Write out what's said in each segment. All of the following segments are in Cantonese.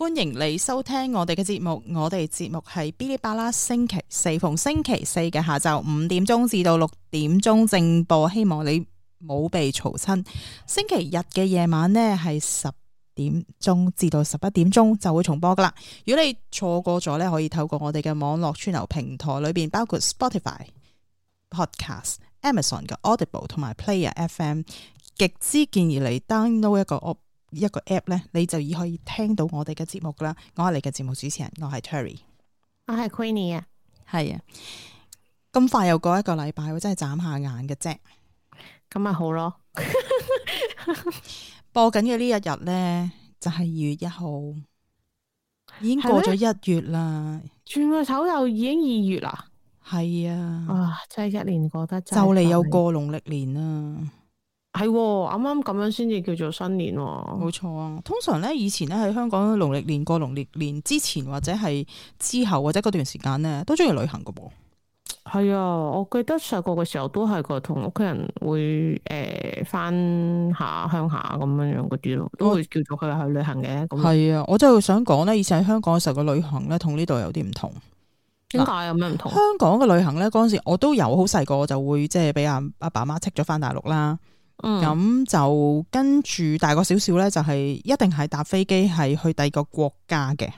歡迎你收聽我哋嘅節目，我哋節目係 Bilibala，星期四逢星期四嘅下晝五點鐘至到六點鐘正播，希望你冇被嘈親。星期日嘅夜晚呢係十點鐘至到十一點鐘就會重播噶啦。如果你錯過咗呢，可以透過我哋嘅網絡串流平台裏邊，包括 Spotify、Podcast、Amazon 嘅 Audible 同埋 Player FM，極之建議你 download 一個。一個 app 咧，你就已可以聽到我哋嘅節目㗎啦。我係你嘅節目主持人，我係 Terry，我係 Queenie 啊，係啊。咁快又過一個禮拜，我真係眨下眼嘅啫。咁啊好咯， 播緊嘅呢一、就是、日咧就係二月一號，已經過咗一月啦。轉個頭又已經二月啦。係的啊，哇，真係一年過得就嚟又過農曆年啦。係，啱啱咁樣先至叫做新年。冇錯啊，通常咧以前咧喺香港農曆年過農曆年之前或者係之後或者嗰段時間咧，都中意旅行噶。係啊，我記得細個嘅時候都係個同屋企人會誒翻、呃、下鄉下咁樣樣嗰啲咯，都會叫做佢去旅行嘅。咁係我 啊，我真係想講咧，以前喺香港嘅時候嘅旅行咧，同呢度有啲唔同。點解有咩唔同？香港嘅旅行咧，嗰陣時我都有好細個，就會即係俾阿阿爸媽 c 咗翻大陸啦。咁、嗯、就跟住大個少少咧，就係一定係搭飛機係去第二個國家嘅。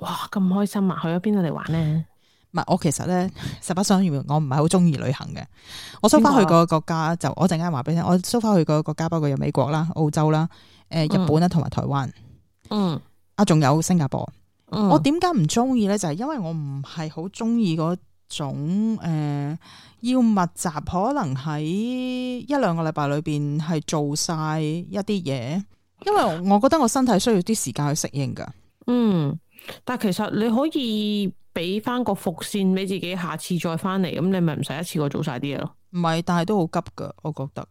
哇，咁開心啊！去咗邊度嚟玩咧？唔係，我其實咧，實不相瞞，我唔係好中意旅行嘅。我收翻去個國家，啊、就我陣間話俾你聽，我收翻去個國家包括有美國啦、澳洲啦、誒日本啦同埋台灣。嗯。啊，仲有新加坡。嗯、我點解唔中意咧？就係、是、因為我唔係好中意嗰。總誒、呃，要密集可能喺一兩個禮拜裏邊係做晒一啲嘢，因為我覺得我身體需要啲時間去適應噶。嗯，但係其實你可以俾翻個伏線俾自己，下次再翻嚟咁，你咪唔使一次過做晒啲嘢咯。唔係，但係都好急噶，我覺得。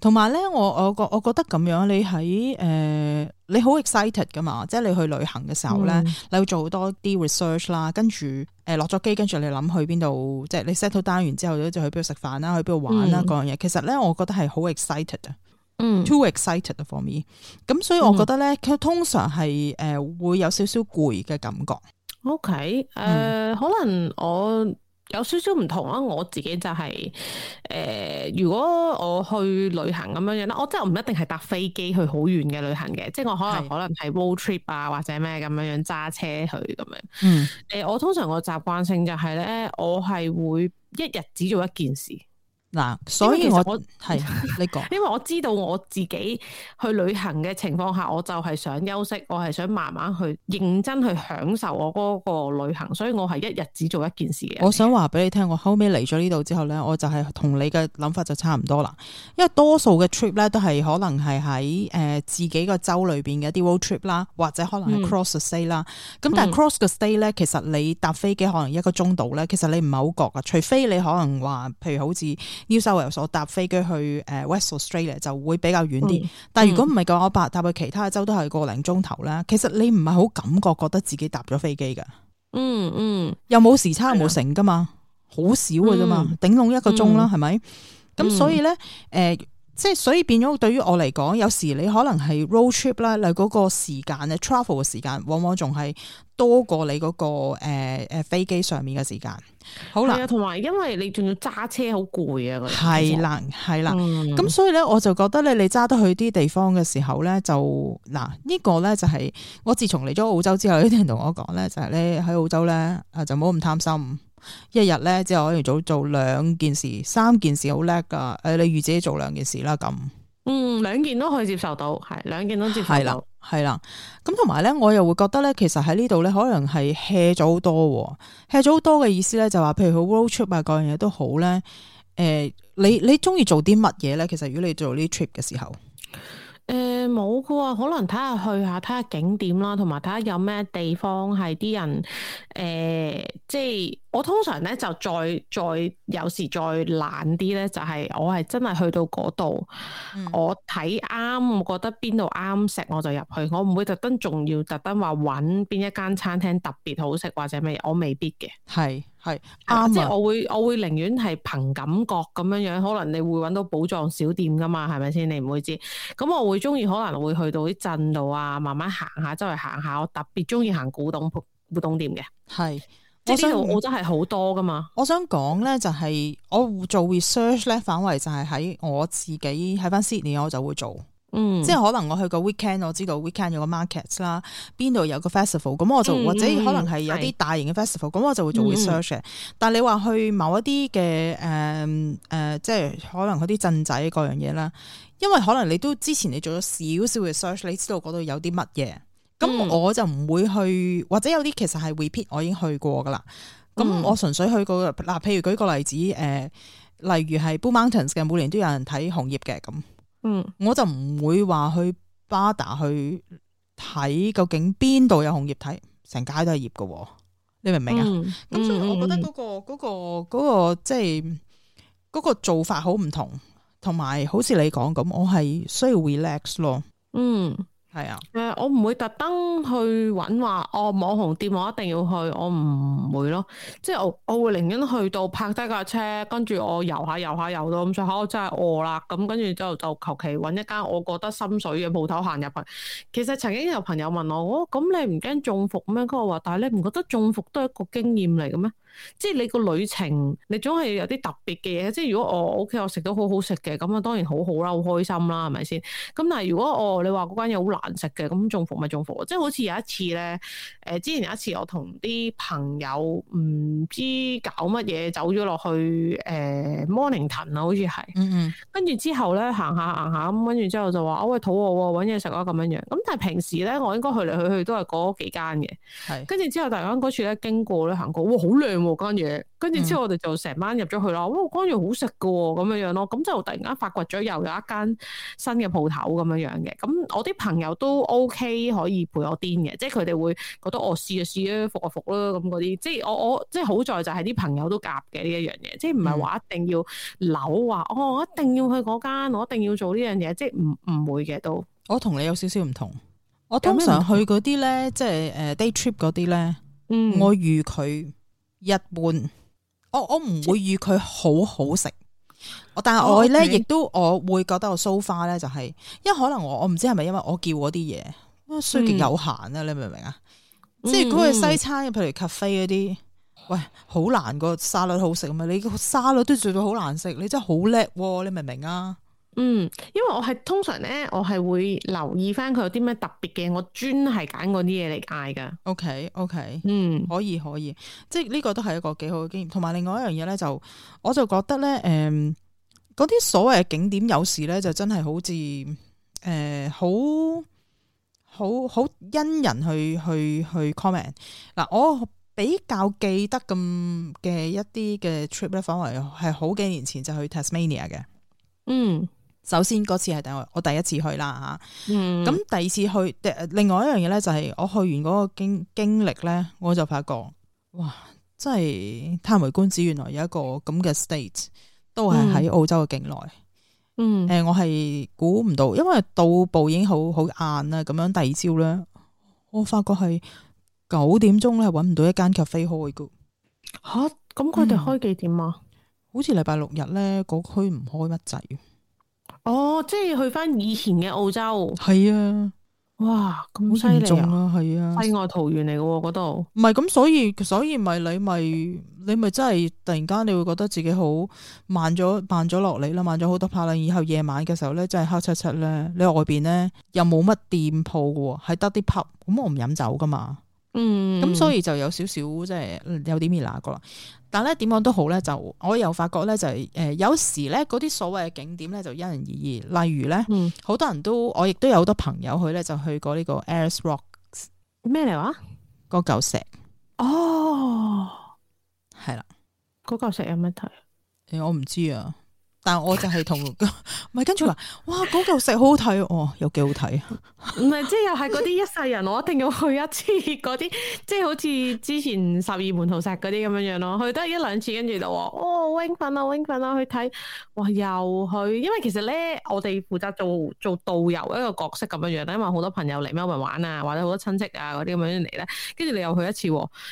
同埋咧，我我覺我覺得咁樣，你喺誒、呃，你好 excited 噶嘛？即係你去旅行嘅時候咧，嗯、你會做好多啲 research 啦、呃，跟住誒落咗機，跟住你諗去邊度，即係你 settle down 完之後咧，就去邊度食飯啦，去邊度玩啦，嗰樣嘢。其實咧，我覺得係好 excited 啊、嗯，嗯，too excited for me。咁所以我覺得咧，佢、嗯、通常係誒、呃、會有少少攰嘅感覺。OK，誒、呃，嗯、可能我。有少少唔同咯，我自己就係、是、誒、呃，如果我去旅行咁樣樣啦，我真係唔一定係搭飛機去好遠嘅旅行嘅，即係我可能的可能係 road trip 啊或者咩咁樣樣揸車去咁樣。嗯。誒、呃，我通常我習慣性就係、是、咧，我係會一日只做一件事。嗱，所以我係呢個， 因為我知道我自己去旅行嘅情況下，我就係想休息，我係想慢慢去認真去享受我嗰個旅行，所以我係一日只做一件事嘅。我想話俾你聽，我後尾嚟咗呢度之後咧，我就係同你嘅諗法就差唔多啦。因為多數嘅 trip 咧，都係可能係喺誒自己個州裏邊嘅一啲 road trip 啦，或者可能係 cross the state 啦。咁、嗯、但係 cross the state 咧，其實你搭飛機可能一個鐘度咧，其實你唔係好覺噶，除非你可能話，譬如好似。要稍微所搭飛機去誒 West Australia 就會比較遠啲，嗯、但係如果唔係咁，我百搭去其他嘅州都係個零鐘頭啦。其實你唔係好感覺覺得自己搭咗飛機㗎，嗯，嗯嗯，又冇時差又冇成噶嘛，好少嘅啫嘛，頂籠一個鐘啦，係咪？咁所以咧，誒、嗯。呃即係所以變咗，對於我嚟講，有時你可能係 road trip 啦，例如嗰個時間咧，travel 嘅時間往往仲係多過你嗰、那個誒誒、呃、飛機上面嘅時間。好啦，同埋因為你仲要揸車，好攰啊！係啦，係啦。咁、嗯、所以咧，我就覺得咧，你揸得去啲地方嘅時候咧，就嗱呢、這個咧就係、是、我自從嚟咗澳洲之後，有人同我講咧，就係咧喺澳洲咧誒就冇咁貪心。一日咧，之後可以早做兩件事、三件事，好叻噶。誒，你預自己做兩件事啦，咁。嗯，兩件都可以接受到，係兩件都接受到。係啦，係啦。咁同埋咧，我又會覺得咧，其實喺呢度咧，可能係 hea 咗好多，hea 咗好多嘅意思咧，就話譬如去 road trip 啊，各樣嘢都好咧。誒、呃，你你中意做啲乜嘢咧？其實如果你做呢 trip 嘅時候，誒、呃。冇嘅喎，可能睇下去下，睇下景點啦，同埋睇下有咩地方係啲人，誒、呃，即係我通常咧就再再，再有時再懶啲咧，就係、是、我係真係去到嗰度，嗯、我睇啱，我覺得邊度啱食我就入去，我唔會特登仲要特登話搵邊一間餐廳特別好食或者咩，我未必嘅，係係啱，即係是吧我會我會寧願係憑感覺咁樣樣，可能你會搵到寶藏小店噶嘛，係咪先？你唔會知，咁我會中意可能會去到啲鎮度啊，慢慢行下周圍行下，我特別中意行古董古董店嘅。係，即係我真係好多噶嘛。我想講咧，就係、是、我做 research 咧，反為就係喺我自己喺返 Sydney，我就會做。嗯、即係可能我去個 weekend 我知道 weekend 有個 market 啦，邊度有個 festival，咁我就、嗯、或者可能係有啲大型嘅 festival，咁是我就會做 research。嗯、但係你話去某一啲嘅誒誒，即係可能嗰啲鎮仔嗰樣嘢啦，因為可能你都之前你做咗少少 research，你知道嗰度有啲乜嘢，咁我就唔會去，嗯、或者有啲其實係 repeat，我已經去過噶啦。咁我純粹去嗰個，嗱、嗯，譬如舉個例子，誒、呃，例如係 Blue Mountains 嘅，每年都有人睇紅葉嘅咁。嗯，我就唔會話去巴達去睇究竟邊度有紅葉睇，成街都係葉噶，你明唔明啊？咁、嗯、所以我覺得、嗰個、嗰個、嗰個，即係、嗰個做法好唔同，同埋好似你講咁，我係需要 relax 咯。嗯，係啊。我唔會特登去揾話，哦，網紅店我一定要去，我唔會咯。即係我我會寧願去到泊低架車，跟住我遊下遊下遊到咁上下，我、哦、真係餓啦。咁跟住之後就求其揾一間我覺得心水嘅鋪頭行入去。其實曾經有朋友問我，哦，咁你唔驚中伏咩？我話，但係你唔覺得中伏都係一個經驗嚟嘅咩？即係你個旅程，你總係有啲特別嘅嘢。即係如果、哦、okay, 我屋企我食到好好食嘅，咁啊當然好好啦，好開心啦，係咪先？咁但係如果我、哦、你話嗰間嘢好難食嘅，咁。中伏咪中伏，即係好似有一次咧，誒之前有一次我同啲朋友唔知搞乜嘢，走咗落去誒、呃、Mornington 啊，好似係，嗯嗯，跟住之後咧，行下行下，咁跟住之後就話，我、哦、喂，肚餓喎，搵嘢食啊，咁樣樣。咁但係平時咧，我應該去嚟去，去去都係嗰幾間嘅，係是。跟住之後突然間嗰處咧，經過咧，行過，哇，好靚、啊，跟住。跟住之後我，我哋就成班入咗去啦。哇，乾魚好食噶，哦，咁樣樣咯。咁就突然間發掘咗又有一間新嘅鋪頭咁樣樣嘅。咁我啲朋友都 O、OK, K 可以陪我癲嘅，即係佢哋會覺得我試啊試啦，服啊服啦，咁嗰啲。即係我我即係好在就係啲朋友都夾嘅呢一樣嘢，即係唔係話一定要扭話，嗯、哦，我一定要去嗰間，我一定要做呢樣嘢，即係唔唔會嘅都。我同你有少少唔同，我通常去嗰啲咧，即係誒 day trip 嗰啲咧，嗯、我預佢一半、嗯。我我唔會預佢好好食，但係我咧、哦、亦都我會覺得我 so far 咧就係，因為可能我我唔知係咪因為我叫嗰啲嘢，雖然有限啊，嗯、你明唔明啊？嗯、即係如果係西餐，譬如 cafe 嗰啲，喂，好難個沙律好食啊嘛，你個沙律都做到好難食，你真係好叻，你明唔明啊？嗯，因為我係通常咧，我係會留意返佢有啲咩特別嘅，我專係揀嗰啲嘢嚟嗌噶。OK，OK，嗯，可以可以，即係呢個都係一個幾好嘅經驗。同埋另外一樣嘢咧，就我就覺得咧，誒、呃，嗰啲所謂嘅景點有時咧，就真係好似誒，好好好因人去去去 comment。嗱、啊，我比較記得咁嘅一啲嘅 trip 咧，反而係好幾年前就去 Tasmania 嘅，嗯。首先嗰次係第我第一次去啦吓，咁第二次去誒。另外一樣嘢咧，就係我去完嗰個經經歷咧，我就發覺哇，真係歎為觀止。原來有一個咁嘅 state 都係喺澳洲嘅境內。嗯，誒，我係估唔到，因為到步已經好好晏啦。咁樣第二朝咧，我發覺係九點鐘咧，係揾唔到一間咖啡開㗎吓。咁佢哋開幾點啊？好似禮拜六日咧，嗰區唔開乜滯。哦，即係去翻以前嘅澳洲，係啊，哇，咁犀利啊，係啊，世外桃源嚟嘅喎嗰度。唔係咁，所以所以咪你咪你咪真係突然間你會覺得自己好慢咗慢咗落嚟啦，慢咗好多拍啦。以後夜晚嘅時候咧，真係黑漆漆咧，你外邊咧又冇乜店鋪嘅喎，係得啲 pub，咁我唔飲酒噶嘛。嗯，咁所以就有少少即係有點兒那個，但咧點講都好咧，就我又發覺咧就係誒有時咧嗰啲所謂嘅景點咧就因人而異，例如咧好多人都、嗯、我亦都有好多朋友去咧就去過呢個 Ayers Rock 咩嚟話？嗰嚿石哦，係啦了，嗰嚿石有咩睇？誒、欸，我唔知啊。但我就係同，唔係跟住話，哇嗰嚿石好好睇哦，又幾好睇啊！唔 係即係又係嗰啲一世人，我一定要去一次嗰啲， 即係好似之前十二門徒石嗰啲咁樣樣咯。去得一兩次，跟住就話，好、哦、興奮啊，興奮啊，去睇，哇！又去，因為其實咧，我哋負責做做導遊一個角色咁樣樣，因為好多朋友嚟咩咪玩啊，或者好多親戚啊嗰啲咁樣嚟咧，跟住你又去一次，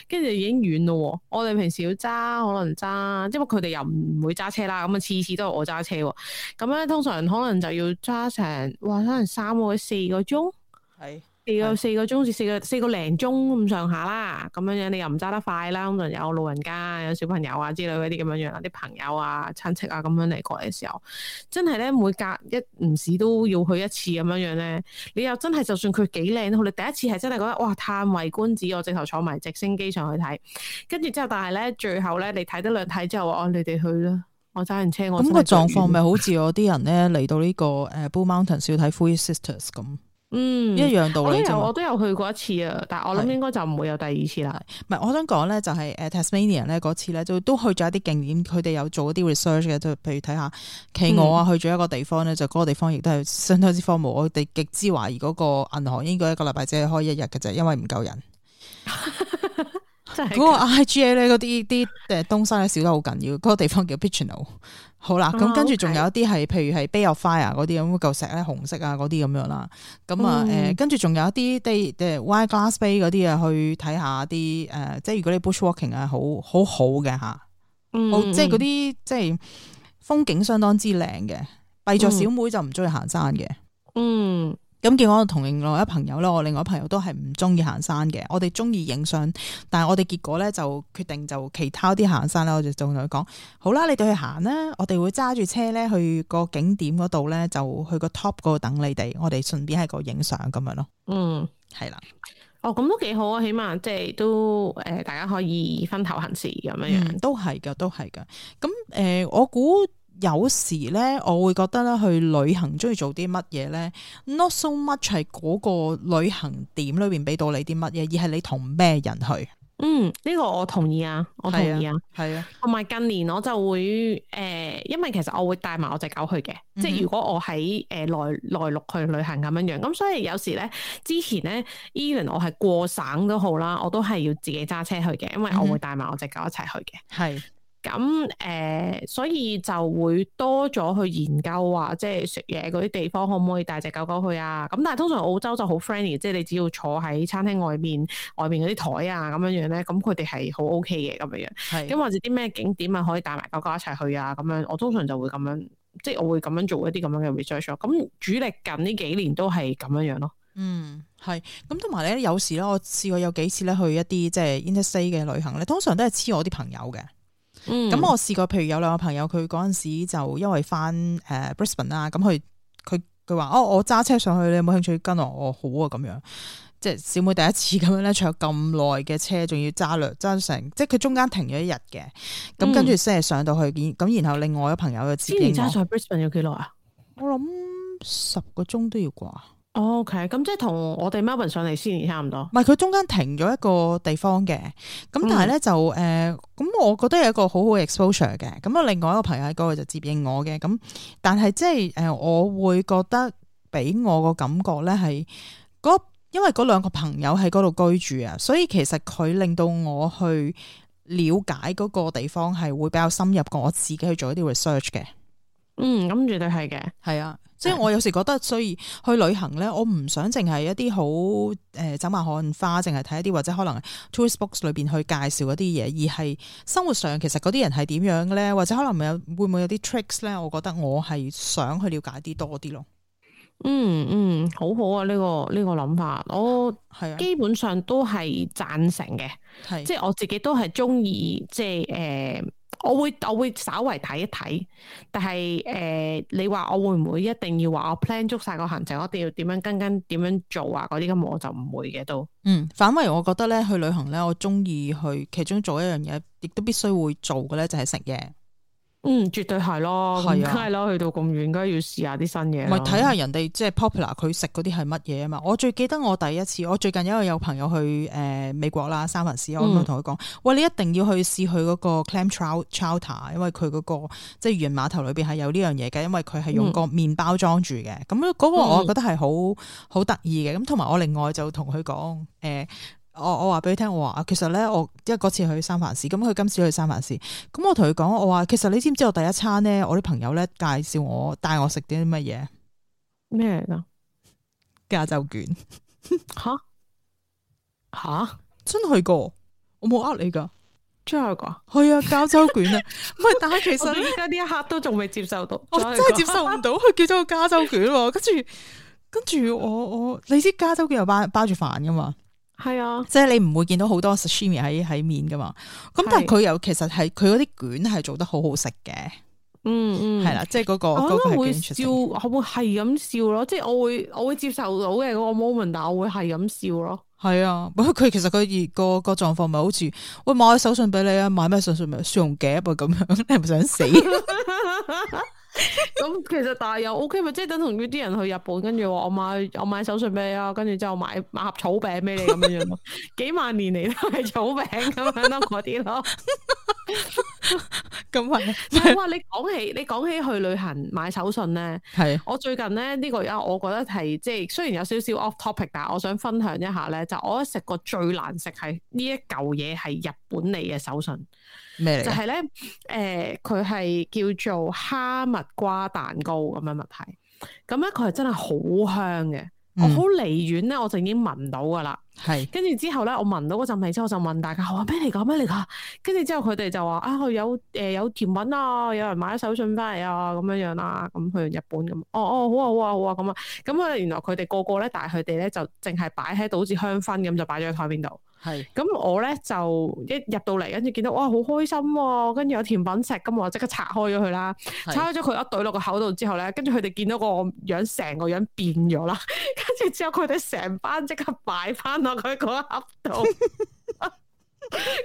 跟住已經遠咯。我哋平時要揸，可能揸，即係佢哋又唔會揸車啦，咁啊次次都係我。揸車咁咧，樣通常可能就要揸成哇，可能三個、四個鐘，係是四個四個鐘至四個四個零鐘咁上下啦。咁樣樣你又唔揸得快啦，咁就有老人家、有小朋友啊之類嗰啲咁樣樣，啲朋友啊、親戚啊咁樣嚟過嘅時候，真係咧每隔一唔時都要去一次咁樣樣咧。你又真係就算佢幾靚都好，你第一次係真係覺得哇嘆為觀止，我直頭坐埋直升機上去睇，跟住之後，但係咧最後咧你睇得兩睇之後，哦，你哋去啦。我揸車，咁個狀況咪好似我啲人咧嚟到呢個誒 Blue Mountains 要睇 Three Sisters 咁，嗯， 一樣道理啫、嗯、我都有，有去過一次啊，但係我諗應該就唔會有第二次啦。唔係是，我想講咧就係誒，Tasmania 咧嗰次咧就都去咗一啲景點，佢哋有做一啲 research 嘅，譬如睇下企鵝啊，我去咗一個地方咧，嗯、就嗰個地方亦都係相當之荒蕪。我哋極之懷疑嗰個銀行應該一個禮拜只係開一日嘅啫，因為唔夠人。 嗰個 IGA 咧，嗰啲啲誒東西咧少得好緊要，嗰、那個地方叫 Bicheno。好啦，咁、oh, okay. 跟住仲有一啲係，譬如係 Bay of Fires 嗰啲咁嘅舊石咧，紅色啊嗰啲咁樣啦。咁啊誒，跟住仲有一啲啲誒 Wineglass Bay 嗰啲啊，去睇下啲誒、呃，即係如果你 Bushwalking 啊，好好好嘅嚇，即係嗰啲即係風景相當之靚嘅。閉著小妹就唔中意行山嘅、嗯，嗯。咁結果我同另外一朋友咧，我另外一朋友都係唔中意行山嘅，我哋中意影相。但係我哋結果咧就決定就其他啲行山咧，我就就同佢講，好啦，你哋去行啦，我哋會揸住車咧去個景點嗰度咧，就去個 top 嗰度等你哋，我哋順便喺嗰度影相咁樣咯。嗯，係啦，哦，咁都幾好啊，起碼即係都誒、呃，大家可以分頭行事咁樣，都係嘅，都係嘅。咁誒、呃，我估。有時咧，我會覺得咧去旅行，鍾意做啲乜嘢咧？Not so much 係嗰個旅行點裏邊俾到你啲乜嘢，而係你同咩人去。嗯，呢、這個我同意啊，我同意啊，係啊。同埋、啊、近年我就會誒、呃，因為其實我會帶埋我隻狗去嘅，嗯、哼即係如果我喺誒內內陸去旅行咁樣樣。咁所以有時咧，之前咧，Evan 我係過省都好啦，我都係要自己揸車去嘅，因為我會帶埋我隻狗一齊去嘅，係、嗯。咁誒、嗯，所以就會多咗去研究，話即係食嘢嗰啲地方可唔可以帶隻狗狗去啊？咁但係通常澳洲就好 friendly，即係你只要坐喺餐廳外面，外面嗰啲台啊，咁樣樣咧，咁佢哋係好 OK 嘅咁樣樣。咁、okay、是或者啲咩景點啊，可以帶埋狗狗一齊去啊？咁樣我通常就會咁樣，即係我會咁樣做一啲咁樣嘅 research 咯。咁主力近呢幾年都係咁樣樣咯。嗯，係咁。同埋咧，有時咧，我試過有幾次咧去一啲即係 interstate 嘅旅行咧，通常都係黐我啲朋友嘅。咁、嗯、我試過，譬如有兩個朋友，佢嗰陣時就因為返誒、呃、Brisbane 啦，咁佢佢佢話哦，我揸車上去，你有冇興趣跟我？我、哦、好啊，咁樣即係小妹第一次咁樣咧，坐咁耐嘅車，仲要揸略揸成，即係佢中間停咗一日嘅，咁、嗯、跟住先係上到去。咁然後另外一朋友又自己揸車去 Brisbane 要幾耐啊？我諗十個鐘都要啩。OK，咁即係同我哋 Melbourne 上嚟先差唔多。唔係，佢中間停咗一個地方嘅，咁但係咧、嗯、就誒，咁、呃、我覺得有一個好好嘅 exposure 嘅。咁啊，另外一個朋友喺嗰度就接應我嘅。咁但係即係誒，我會覺得俾我個感覺咧係因為嗰兩個朋友喺嗰度居住啊，所以其實佢令到我去了解嗰個地方係會比較深入過我自己去做一啲 research 嘅。嗯，咁絕對係嘅，係啊，即係我有時覺得，所以去旅行咧，我唔想淨係一啲好誒走馬看花，淨係睇一啲或者可能 Tourist Box 裏邊去介紹一啲嘢，而係生活上其實嗰啲人係點樣咧，或者可能有會唔會有啲 tricks 咧？我覺得我係想去了解啲多啲咯。嗯嗯，好好啊，呢、這個呢、這個諗法，我係基本上都係讚成嘅，啊、即係我自己都係中意，即係誒。呃我會我會稍微睇一睇，但係誒、呃，你話我會唔會一定要話我 plan 足晒個行程，我一定要點樣跟跟點樣做啊？嗰啲咁我就唔會嘅都。嗯，反為我覺得咧去旅行咧，我中意去其中做一樣嘢，亦都必須會做嘅咧就係食嘢。嗯，絕對係咯，係啊，梗係啦，去到咁遠，梗係要試下啲新嘢。咪睇下人哋即係 popular，佢食嗰啲係乜嘢啊嘛？我最記得我第一次，我最近因為有朋友去誒、呃、美國啦，三藩市，我同佢講，嗯、喂，你一定要去試佢嗰個 clam chowder 因為佢嗰、嗰個即係漁人碼頭裏邊係有呢樣嘢嘅，因為佢係用個麵包裝住嘅，咁嗰、嗯、個我係覺得係好好得意嘅。咁同埋我另外就同佢講，誒、呃。我我話俾你聽，我話啊，其實咧，我即係嗰次去三藩市，咁佢今次去三藩市，咁我同佢講，我話其實你知唔知道我第一餐咧，我啲朋友咧介紹我帶我食啲乜嘢？咩噶？加州卷吓吓真去過，我冇呃你噶，真係噶？係啊，加州卷啊，唔係， 但係其實而家呢一刻都仲未接受到，我真係接受唔到，佢 叫咗個加州卷啊，跟住跟住我我，我你知加州卷有包包住飯噶嘛？係啊，即係你唔會見到好多 sashimi 喺喺面噶嘛，咁但係佢又其實係佢嗰啲卷係做得好好食嘅。嗯嗯，係啦，即係嗰個我都會笑，我會係咁笑咯，即係我會我會接受到嘅嗰個 moment，但我會係咁笑咯，係啊，佢其實佢嗰個個狀況咪好似，喂買手信俾你啊，買咩手信啊，蒜蓉夾啊咁樣，你係咪想死？咁其實大係又 O K 咪，即係等同於啲人去日本，跟住我買我買手信俾你啊，跟住之後買買盒草餅俾你咁樣樣，幾萬年嚟都係草餅咁樣咯，嗰啲咯。咁啊，哇！你講起你講起去旅行買手信咧，係我最近咧呢個啊，我覺得係即係雖然有少少 off topic，但係我想分享一下咧，就我食過最難食係呢一嚿嘢，係日本嚟嘅手信。咩？就係咧，誒，佢係叫做蝦文，瓜蛋糕咁樣問題，咁咧佢係真係好香嘅，嗯、我好離遠咧，我就已經聞到噶啦，係是。跟住之後咧，我聞到嗰陣味之後，我我就問大家：，話咩嚟噶？咩嚟噶？跟住之後佢哋就話：啊、哎，有誒、呃、有甜品啊，有人買咗手信翻嚟啊，咁樣樣啊，咁去日本咁。哦哦，好啊，好啊，好啊，咁啊，咁啊，原來佢哋個個咧，但係佢哋咧就淨係擺喺度，好似香薰咁，就擺咗喺台邊度。係，咁我咧就一入到嚟，跟住見到哇好開心喎、啊，跟住有甜品食咁，我即刻拆開咗佢啦，是拆開咗佢一堆落個口度之後咧，跟住佢哋見到個樣，成個樣變咗啦，跟 住之後佢哋成班即刻擺翻落佢個盒度，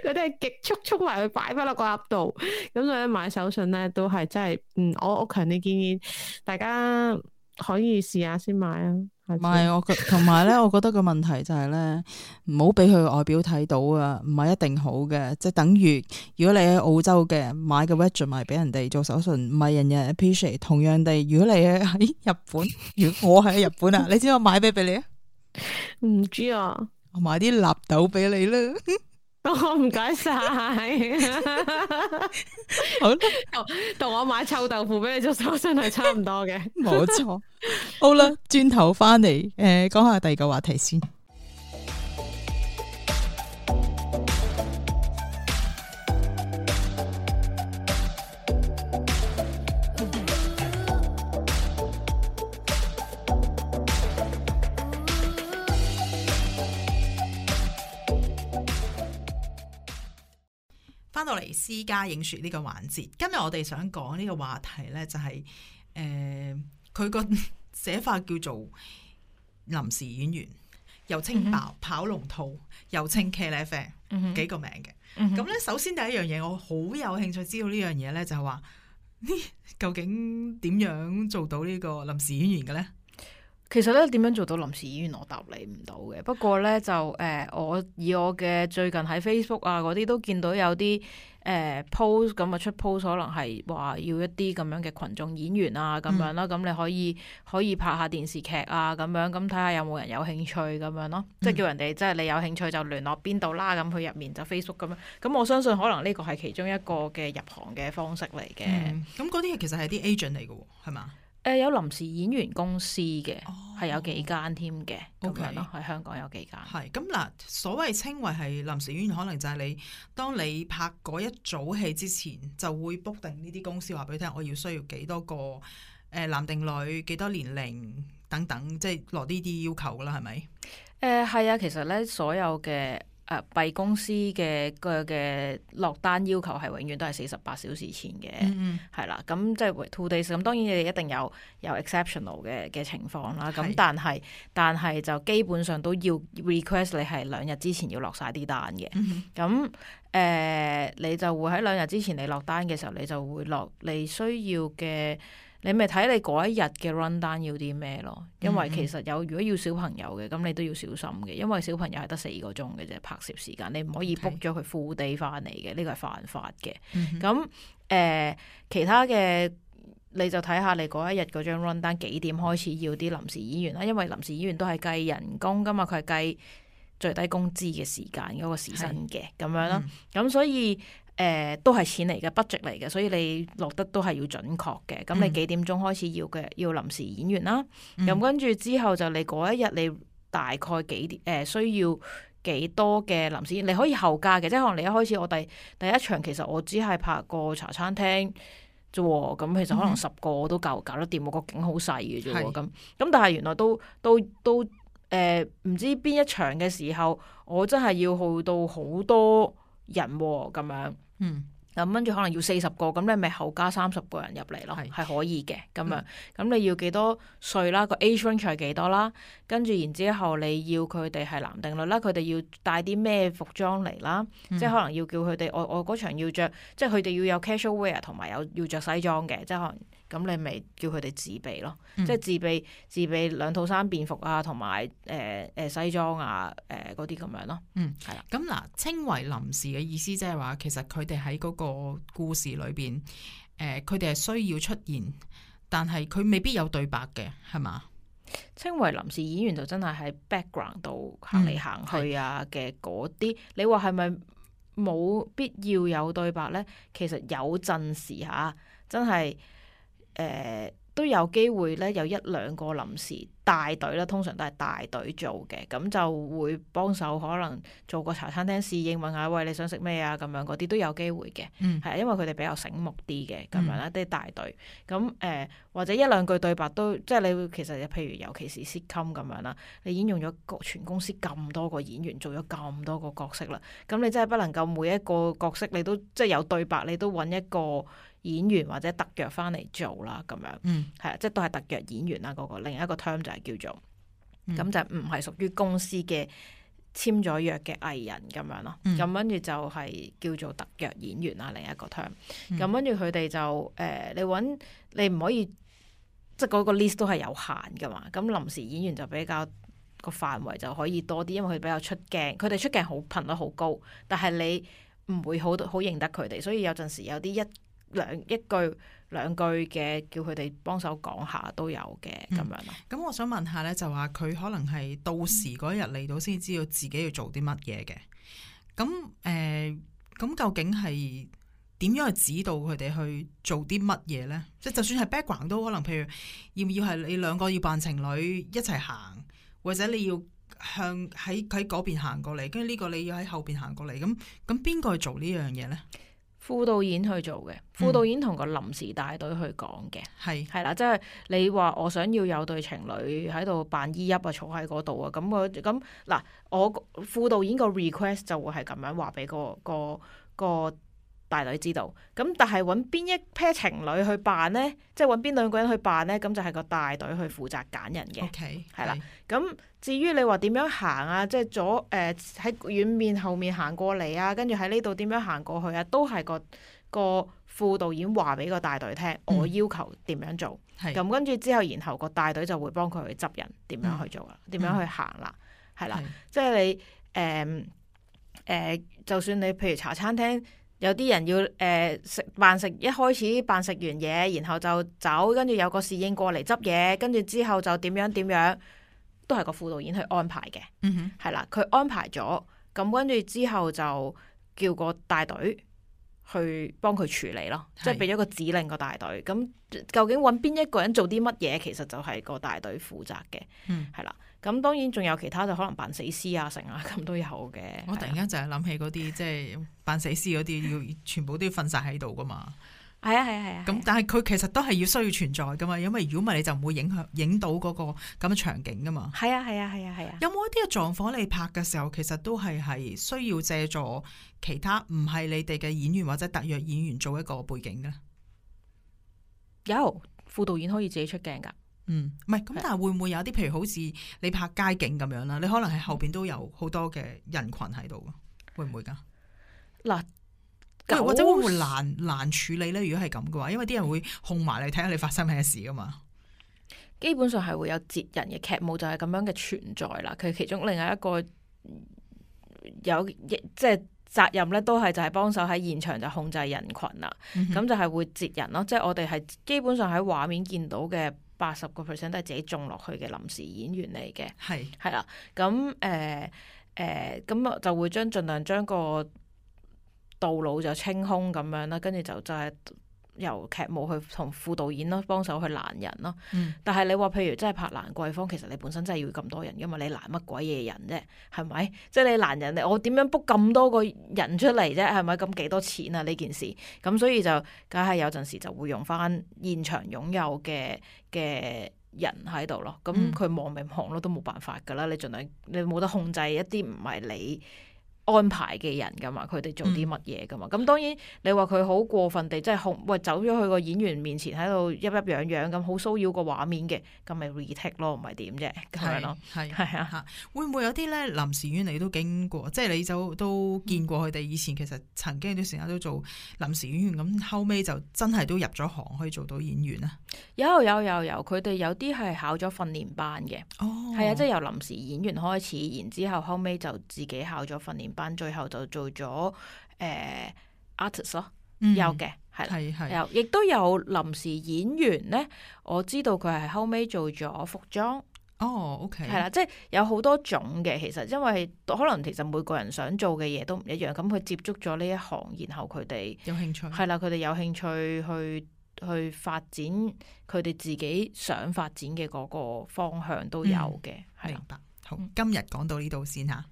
佢哋 係極速衝埋去擺翻落個盒度，咁所以買手信咧都係真係，嗯，我我強烈建議大家可以試下先買啊！唔係 我同埋咧，我覺得個問題就係、是、咧，唔好俾佢外表睇到啊，唔係一定好嘅。即係等於如果你喺澳洲嘅買個 budget 賣俾人哋做手信，唔係人人 appreciate。同樣地，如果你喺日本， 如果我喺日本啊，你知我買咩俾你啊？唔知啊，我買啲納豆俾你啦。 當我唔該晒，好，同我買臭豆腐俾你做手信係差唔多嘅，冇 錯 好啦，轉頭翻嚟，誒、呃，講下第二個話題先。翻到嚟詩家影說呢個環節，今日我哋想講呢個話題咧、就是，就係誒，佢個寫法叫做臨時演員，又稱跑跑龍套，mm hmm. 又稱茄喱啡，air, 幾個名嘅。咁咧、mm，hmm. 首先第一樣嘢，我好有興趣知道呢樣嘢咧，就係話，究竟點樣做到呢個臨時演員嘅咧？其實咧點樣做到臨時演員，我答你唔到嘅。不過咧就誒、呃，我以我嘅最近喺 Facebook 啊嗰啲都見到有啲誒、呃、post 咁啊出 post，可能係話要一啲咁樣嘅群眾演員啊咁樣啦。咁、嗯、你可以可以拍下電視劇啊咁樣，咁睇下有冇人有興趣咁樣咯。即係叫人哋、嗯、即係你有興趣就聯絡邊度啦。咁佢入面就 Facebook 咁樣。咁我相信可能呢個係其中一個嘅入行嘅方式嚟嘅。咁嗰啲其實係啲 agent 嚟嘅喎，係嘛？誒，有臨時演員公司嘅。係、oh, 有幾間添嘅，咁 okay. 樣咯，喺香港有幾間。係咁嗱，所謂稱為係臨時演員，可能就係你，當你拍嗰一組戲之前，就會 book 定呢啲公司話俾你聽，我要需要幾多個誒男定女，幾多年齡等等，即係落呢啲要求㗎啦，係咪？誒、呃，係啊，其實咧，所有嘅。誒，弊、啊、公司嘅嘅嘅落單要求係永遠都係四十八小時前嘅，係、mm hmm. 啦，咁即係 two days。咁當然你哋一定有有 exceptional 嘅嘅情況啦。咁但係是但係就基本上都要 request 你係兩日之前要落晒啲單嘅。咁誒、mm hmm. 呃，你就會喺兩日之前你落單嘅時候，你就會落你需要嘅。你咪睇你嗰一日嘅 run down 要啲咩咯？因為其實有如果要小朋友嘅，咁你都要小心嘅，因為小朋友係得四個鐘嘅啫，拍攝時間你唔可以 book 咗佢 full day 翻嚟嘅，呢個係犯法嘅。咁誒、嗯哼呃，其他嘅你就睇下你嗰一日嗰張 run down 幾點開始要啲臨時演員啦，因為臨時演員都係計人工噶嘛，佢係計最低工資嘅時間嗰、那個時薪嘅咁是樣啦。咁、嗯、所以。誒、呃、都係錢嚟嘅，budget 嚟嘅，所以你落得都係要準確嘅。咁你幾點鐘開始要嘅，嗯、要臨時演員啦。咁、嗯、跟住之後就你嗰一日你大概幾點、呃、需要幾多嘅臨時演員？你可以後加嘅，即係可能你一開始我第一第一場其實我只係拍個茶餐廳啫喎。咁其實可能十個我都搞、嗯、搞得掂，我、個景好細嘅啫喎。咁咁是但係原來都都都誒唔、呃、知邊一場嘅時候，我真係要去到好多人喎、哦、咁樣，嗯，嗱，跟住可能要四十個，咁你咪後加三十個人入嚟咯，係是可以嘅咁樣。咁、嗯、你要幾多歲啦？個 age range 係幾多啦？跟住然之後，你要佢哋係男定女啦，佢哋要帶啲咩服裝嚟啦？嗯、即係可能要叫佢哋，我我嗰場要着，即係佢哋要有 casual wear 同埋有要着西裝嘅，即係可能咁，你咪叫佢哋自備咯。嗯、即係自備自備兩套衫、便服、呃、啊，同埋誒誒西裝啊，誒嗰啲咁樣咯。嗯，係啦的。咁嗱，稱為臨時嘅意思，即係話其實佢哋喺嗰個故事裏邊，誒佢哋係需要出現，但係佢未必有對白嘅，係嘛？稱為臨時演員就真係喺 background 度行嚟行去啊嘅嗰啲，你話係咪冇必要有對白咧？其實有陣時吓，真係誒。呃都有機會咧，有一兩個臨時大隊啦，通常都係大隊做嘅，咁就會幫手可能做個茶餐廳侍應，問下喂，你想食咩啊？咁樣嗰啲都有機會嘅，係、嗯、因為佢哋比較醒目啲嘅咁樣啦，啲、嗯、大隊咁誒、呃，或者一兩句對白都即係你會其實，譬如尤其是 sitcom 咁樣啦，你已經用咗全公司咁多個演員做咗咁多個角色啦，咁你真係不能夠每一個角色你都即係有對白，你都揾一個。演員或者特約翻嚟做啦，咁樣係啊、嗯，即係都係特約演員啦。嗰、嗰個另一個 term 就係叫做咁、嗯、就唔係屬於公司嘅簽咗約嘅藝人咁樣咯。咁跟住就係叫做特約演員啦。另一個 term 咁跟住佢哋就誒、呃，你揾你唔可以即係嗰個 list 都係有限噶嘛。咁臨時演員就比較個範圍就可以多啲，因為佢比較出鏡，佢哋出鏡好頻率好高，但係你唔會好好認得佢哋，所以有陣時有啲一。兩一句兩句嘅，叫佢哋幫手講下都有嘅咁、嗯、樣咯。咁、嗯、我想問下咧，就話佢可能係到時嗰日嚟到先知道自己要做啲乜嘢嘅。咁誒，咁、呃、究竟係點樣去指導佢哋去做啲乜嘢咧？即係就算係 background 都可能，譬如要唔要係你兩個要扮情侶一齊行，或者你要向喺喺嗰邊行過嚟，跟住呢個你要喺後邊行過嚟。咁咁邊個去做呢樣嘢咧？副導演去做嘅，副導演同個臨時大隊去講嘅，係係啦，即係的的、就是、你話我想要有對情侶喺度扮依泣啊，坐喺嗰度啊，咁我咁嗱，我副導演個 request 就會係咁樣話俾個個個。個個大隊知道，咁但係揾邊一 pair 情侶去辦呢？即係揾邊兩個人去辦呢？咁就係個大隊去負責揀人嘅，係啦。咁至於你話點樣行啊，即係左誒喺遠面後面行過嚟啊，跟住喺呢度點樣行過去啊，都係個個副導演話俾個大隊聽，我要求點樣做，咁、嗯、跟住之後，然後個大隊就會幫佢去執人，點樣去做啊，點、嗯、樣去行啦，係啦，即係你誒誒、呃呃，就算你譬如茶餐廳。有啲人要誒食、呃、扮食，一開始扮食完嘢，然後就走，跟住有個侍應過嚟執嘢，跟住之後就點樣點樣，都係個副導演去安排嘅，係、嗯、哼啦，佢安排咗，咁跟住之後就叫個大隊去幫佢處理咯，是即係俾咗個指令個大隊，咁究竟揾邊一個人做啲乜嘢，其實就係個大隊負責嘅，係、嗯、啦。咁當然仲有其他，就可能扮死屍啊，成啊，咁都有嘅。 我突然間就係諗起嗰啲即係扮死屍嗰啲要全部都要瞓晒喺度噶嘛。係啊係啊係啊。咁但係佢其實都係要需要存在噶嘛，因為如果唔係你就唔會影響影到嗰個咁嘅場景噶嘛。係啊係啊係啊係啊。有冇一啲嘅狀況，你拍嘅時候其實都係係需要借助其他唔係你哋嘅演員或者特約演員做一個背景咧？ 有，副導演可以自己出鏡噶。嗯，唔係咁，但係會唔會有啲，譬如好似你拍街景咁樣啦，你可能係後邊都有好多嘅人群喺度噶，會唔會噶？嗱、啊，或者會唔會難難處理咧？如果係咁嘅話，因為啲人會控埋你，睇下你發生咩事噶嘛。基本上係會有截人嘅劇務，就係咁樣嘅存在啦。佢其中另外一個有即係責任咧，都係就係幫手喺現場就控制人群啦。咁、嗯、哼就係會截人咯，即係我哋係基本上喺畫面見到嘅。八十個 percent 都係自己種落去嘅臨時演員嚟嘅，係係啦，咁誒誒，咁啊、呃呃、就會將盡量將個道路就清空咁樣啦，跟住就就係、係。由劇務去同副導演咯，幫手去攔人咯。嗯、但係你話譬如真係拍《蘭桂坊》，其實你本身真係要咁多人噶嘛？你攔乜鬼嘢人啫？係咪？即係你攔人，我點樣 book 咁多個人出嚟啫？係咪？咁幾多錢啊？呢件事咁，所以就梗係有陣時就會用翻現場擁有嘅嘅人喺度咯。咁佢望咪望咯，都冇辦法㗎啦、嗯。你儘量你冇得控制一啲唔係你。安排嘅人噶嘛，佢哋做啲乜嘢噶嘛？咁、嗯、當然你話佢好過分地，即係紅喂走咗去個演員面前喺度一一樣樣咁，好騷擾個畫面嘅，咁咪 retake 咯，唔係點啫咁樣咯，係係是啊嚇。會唔會有啲咧臨時演你都經過，即係你就都見過佢哋以前，嗯、其實曾經都成日都做臨時演員，咁後尾就真係都入咗行可以做到演員啊。有，有有有有，佢哋有啲係考咗訓練班嘅，係、哦、啊，即係由臨時演員開始，然之後後尾就自己考咗訓練。翻最後就做咗誒 artist 咯，呃 Artists，嗯、有嘅係啦，係有亦都有臨時演員咧。我知道佢係後尾做咗服裝哦，OK，係啦，即係有好多種嘅。其實因為可能其實每個人想做嘅嘢都唔一樣，咁佢接觸咗呢一行，然後佢哋有興趣係啦，佢哋有興趣去去發展佢哋自己想發展嘅嗰個方向都有嘅。嗯、的明白。好，今日講到呢度先吓。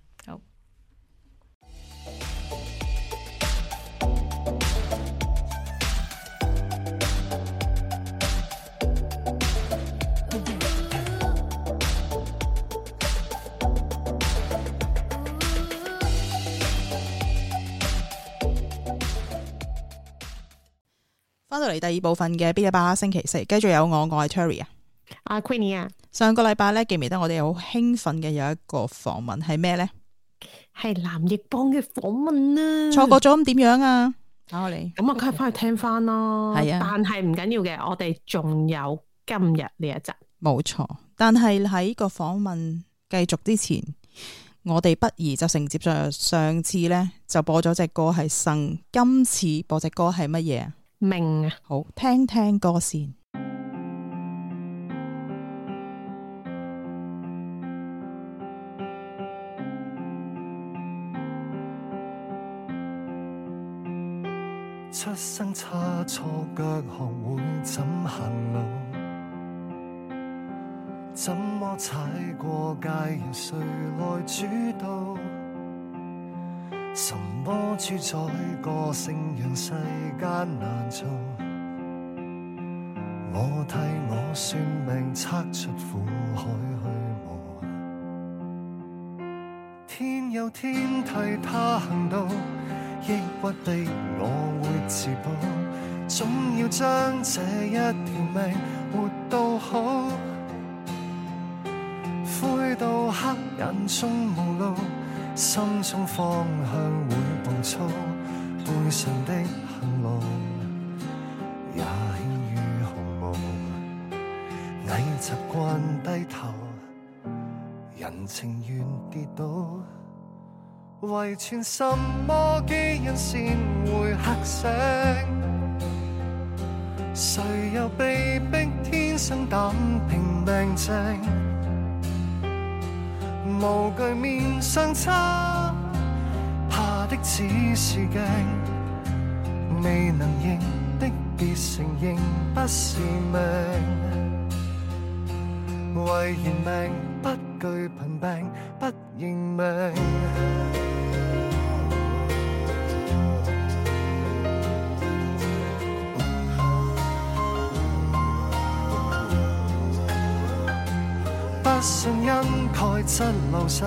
翻到嚟第二部分嘅《Bilibala》星期四繼續有我，我係 Terry 啊，阿、uh, Queenie 啊。上個禮拜呢，記唔記得我哋好興奮嘅有一個訪問係咩呢？係藍奕邦嘅訪問啦。啊，錯過咗咁點樣啊？打我嚟，咁啊，梗係翻去聽翻啦。係啊，但係唔緊要嘅，我哋仲有今日呢一集，冇錯。但係喺個訪問繼續之前，我哋不宜就承接咗上次咧就播咗隻歌係「生」。今次播隻歌係乜嘢？命啊白，好，聽聽歌先。一生差錯腳，腳學會怎行路？怎麼踩過界，由誰來主導？什麼主宰個性，讓世間難做。我替我算命，測出苦海去無，天有天替他行道。抑鬱的我會自保，總要將這一條命活到好。灰到黑，眼中無路，心中方向會碰錯，背上的行囊也輕如鴻毛。你習慣低頭，人情願跌倒。遺傳什麼基因先會嚇醒？誰又被逼天生膽拼命正？無懼面相差，怕的只是鏡。未能認的別承認，不是命。為完命。懼貧病不認命， 不信因果質後世，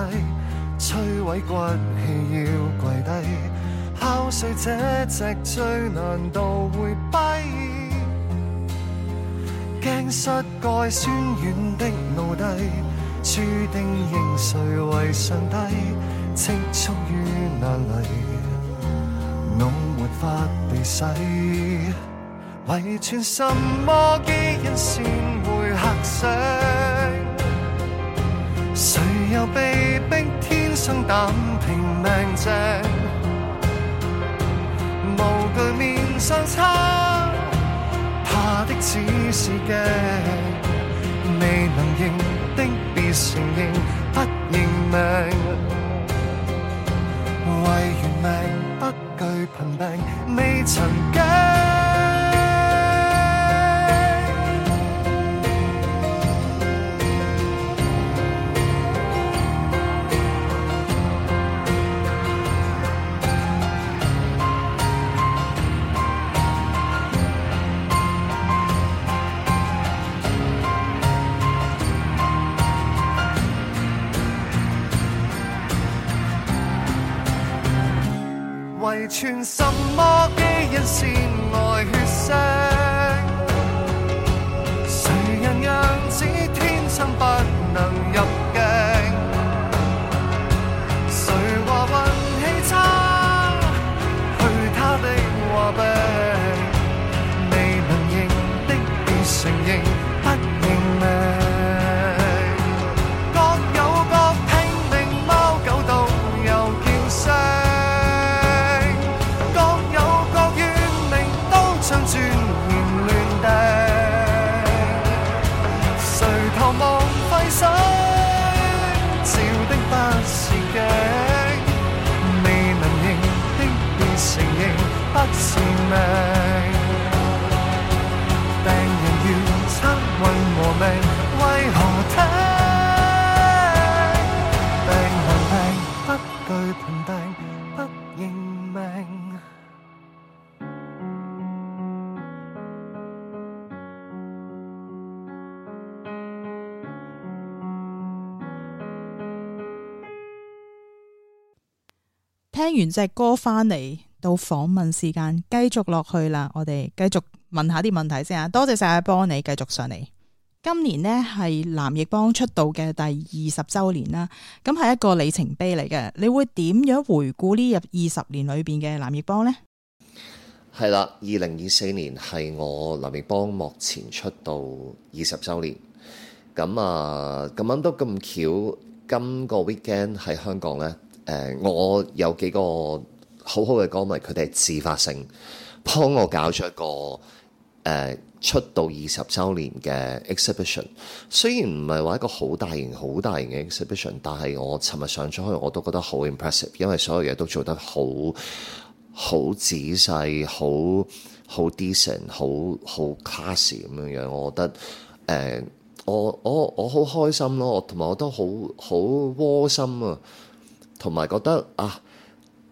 摧毀骨氣要跪低，敲碎這脊椎難度迴避，驚失鈣酸軟的奴隸。注定應誰為上帝？積蓄於哪裏？我沒法避世，遺傳什麼基因先會嚇醒？誰又被逼天生膽平命正？無懼面上差，怕的只是鏡，未能認。的，別承認，不認命，為完美，不懼貧病，未曾經。傳什麼基因線外血色？誰人樣子天生不能入鏡？誰話運氣差？去他的話柄！未能認的別承認。聽完隻歌翻嚟到訪問時間，繼續落去啦。我哋繼續問下啲問題先啊。多謝晒阿邦，你繼續上嚟。今年呢係藍奕邦出道嘅第二十周年啦，咁係一個里程碑嚟嘅。你會點樣回顧呢？入二十年裏邊嘅藍奕邦呢？係啦，二零二四年係我藍奕邦目前出道二十周年。咁啊，咁、呃、樣都咁巧，今個 weekend 喺香港呢。誒，uh, 我有幾個好好嘅歌迷，佢哋係自發性幫我搞出一個誒、uh, 出道二十週年嘅 exhibition。雖然唔係話一個好大型、好大型嘅 exhibition，但係我尋日上咗去，我都覺得好 impressive，因為所有嘢都做得好好仔細、好好 decent、好好 classy 咁樣樣。我覺得誒、uh,，我我我好開心咯，同埋我都好好窩心啊！同埋覺得啊，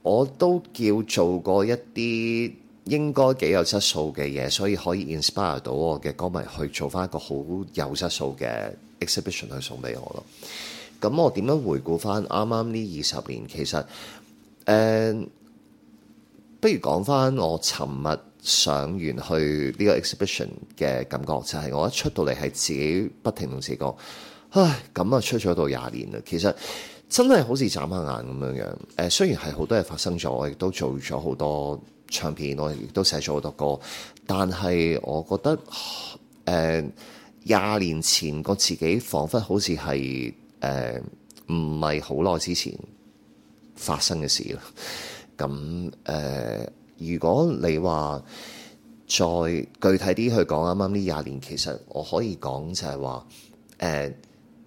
我都叫做過一啲應該幾有質素嘅嘢，所以可以 inspire 到我嘅歌迷去做翻一個好有質素嘅 exhibition 去送俾我咯。咁我點樣回顧翻啱啱呢二十年？其實誒、呃，不如講翻我尋日上完去呢個 exhibition 嘅感覺，就係、是、我一出到嚟係自己不停同自己講，唉，咁啊出咗到廿年啦。其實真係好似眨下眼咁樣樣。誒，雖然係好多嘢發生咗，我亦都做咗好多唱片，我亦都寫咗好多歌。但係，我覺得誒廿、呃、年前個自己，彷彿好似係誒唔係好耐之前發生嘅事咯。咁誒、呃，如果你話再具體啲去講，啱啱呢廿年，其實我可以講就係話誒，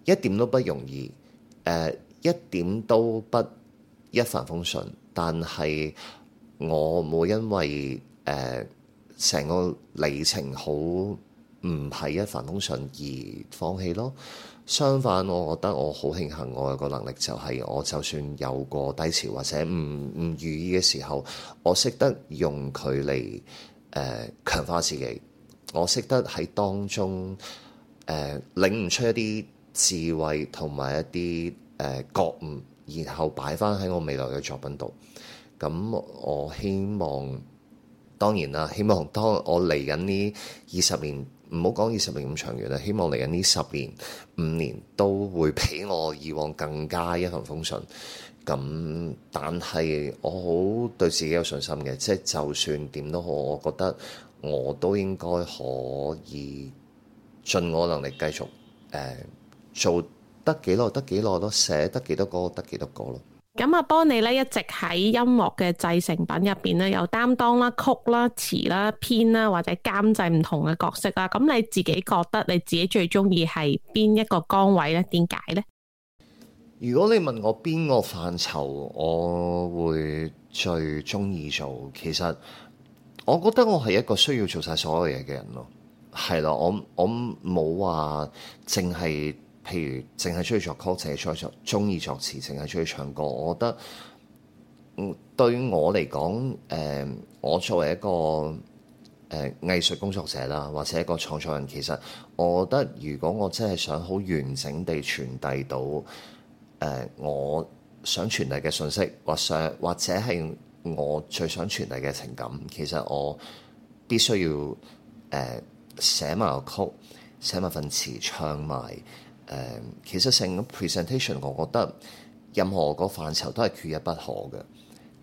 一點都不容易誒。呃一點都不一帆風順，但係我冇因為誒成、呃、個旅程好唔係一帆風順而放棄咯。相反，我覺得我好慶幸，我有個能力就係、是、我就算有個低潮或者唔唔如意嘅時候，我識得用佢嚟誒強化自己，我識得喺當中誒、呃、領悟出一啲智慧同埋一啲。覺悟，然後擺翻喺我未來嘅作品度。咁我希望，當然啦，希望當我嚟緊呢二十年，唔好講二十年咁長遠啦，希望嚟緊呢十年、五年都會比我以往更加一帆風順。咁但係我好對自己有信心嘅，即係就算點都好，我覺得我都應該可以盡我能力繼續誒、呃、做。得幾耐？得幾耐咯？寫得幾多個？得幾多個咯？咁啊，邦你咧，一直喺音樂嘅製成品入邊咧，有擔當啦、曲啦、詞啦、編啦，或者監製唔同嘅角色啦。咁你自己覺得你自己最鍾意係邊一個崗位咧？點解咧？如果你問我邊個範疇，我會最鍾意做。其實我覺得我係一個需要做晒所有嘢嘅人咯，係咯。我我冇話淨係。譬如淨係出去作曲，寫作作，中意作詞，淨係出去唱歌，我覺得，嗯，對於我嚟講，誒、呃，我作為一個誒、呃、藝術工作者啦，或者一個創作人，其實我覺得，如果我真係想好完整地傳遞到誒、呃、我想傳遞嘅信息，或上或者係我最想傳遞嘅情感，其實我必須要誒、呃、寫埋個曲，寫埋份詞，唱埋。誒，uh, 其實成個 presentation，我覺得任何個範疇都係缺一不可嘅。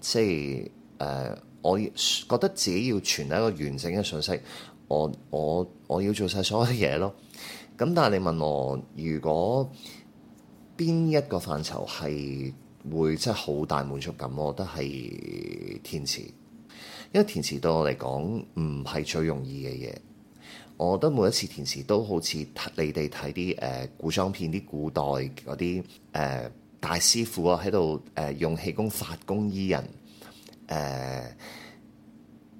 即係誒，uh, 我覺得自己要傳一個完整嘅信息，我我我要做晒所有嘢咯。咁但係你問我，如果邊一個範疇係會真係好大滿足感，我覺得係填詞，因為填詞對我嚟講唔係最容易嘅嘢。我覺得每一次填詞都好似你哋睇啲誒古裝片啲古代嗰啲誒大師傅啊，喺度誒用氣功發功醫人誒，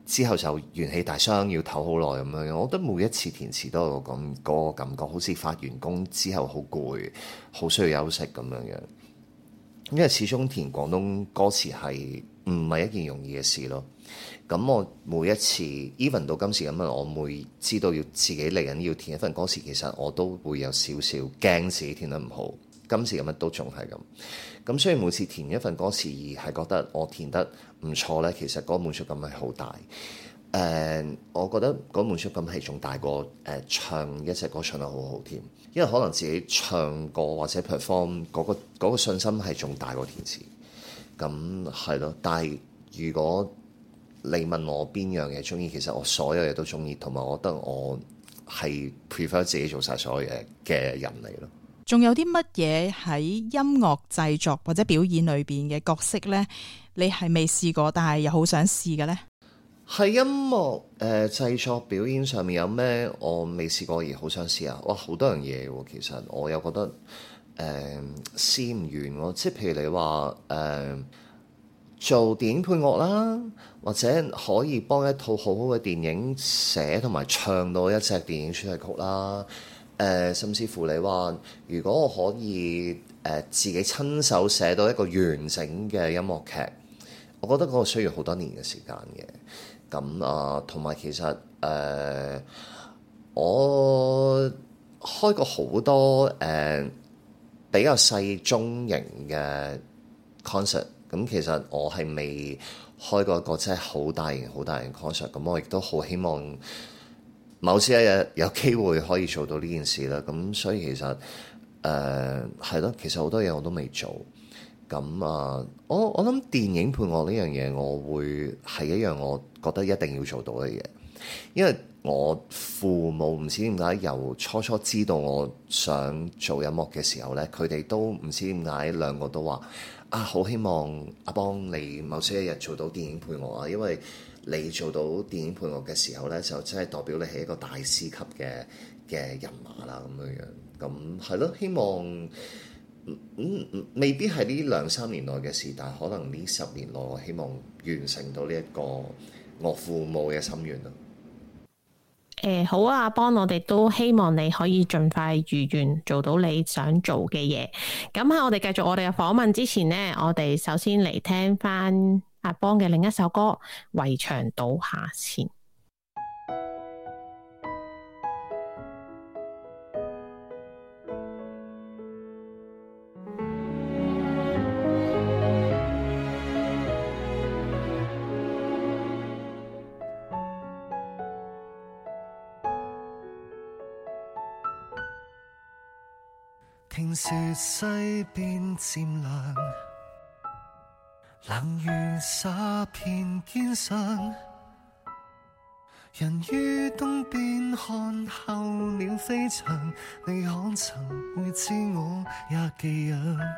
之後就元氣大傷，要唞好耐咁樣樣。我覺得每一次填詞都有個咁嗰感覺，好似發完功之後好攰，好需要休息咁樣樣。因為始終填廣東歌詞係唔係一件容易嘅事咯。咁我每一次 even 到今時咁樣，我每知道要自己嚟緊要填一份歌詞，其實我都會有少少驚自己填得唔好。今時咁樣都仲係咁。咁所以每次填一份歌詞而係覺得我填得唔錯呢，其實嗰個滿足感係好大。誒，我覺得嗰個滿足感係仲大過誒唱一隻歌唱得好好添，因為可能自己唱歌或者 perform 嗰個嗰個信心係仲大過填詞咁係咯。但係如果你問我邊樣嘢鍾意，其實我所有嘢都鍾意，同埋我覺得我係 prefer 自己做晒所有嘢嘅人嚟咯。仲有啲乜嘢喺音樂製作或者表演裏邊嘅角色呢？你係未試過，但係又好想試嘅呢？喺音樂誒、呃、製作表演上面有咩我未試過而好想試啊？哇，好多樣嘢喎！其實我又覺得誒、呃、試唔完喎、哦。即係譬如你話誒。呃做電影配樂啦，或者可以幫一套好好嘅電影寫同埋唱到一隻電影主題曲啦。誒、呃，甚至乎你話，如果我可以誒、呃、自己親手寫到一個完整嘅音樂劇，我覺得嗰個需要好多年嘅時間嘅。咁啊，同、呃、埋其實誒、呃，我開過好多誒、呃、比較細中型嘅 concert。咁其實我係未開過一個真係好大型、好大型 concert，咁我亦都好希望某時一日有機會可以做到呢件事啦。咁所以其實誒係咯，其實好多嘢我都未做。咁啊，我我諗電影配樂呢樣嘢，我會係一樣我覺得一定要做到嘅嘢，因為我父母唔知點解由初初知道我想做音樂嘅時候咧，佢哋都唔知點解兩個都話。啊，好希望阿邦你某朝一日做到電影配樂啊，因為你做到電影配樂嘅時候咧，就真係代表你係一個大師級嘅嘅人馬啦咁樣樣。咁係咯，希望、嗯、未必係呢兩三年內嘅事，但係可能呢十年內，我希望完成到呢一個我父母嘅心願啊！誒、欸，好啊，阿邦，我哋都希望你可以盡快如願做到你想做嘅嘢。咁喺我哋繼續我哋嘅訪問之前呢，我哋首先嚟聽翻阿邦嘅另一首歌《圍牆倒下》前》。雪西邊漸冷，冷雨灑遍肩上。人於東邊看候鳥飛翔，你可曾會知我也記樣？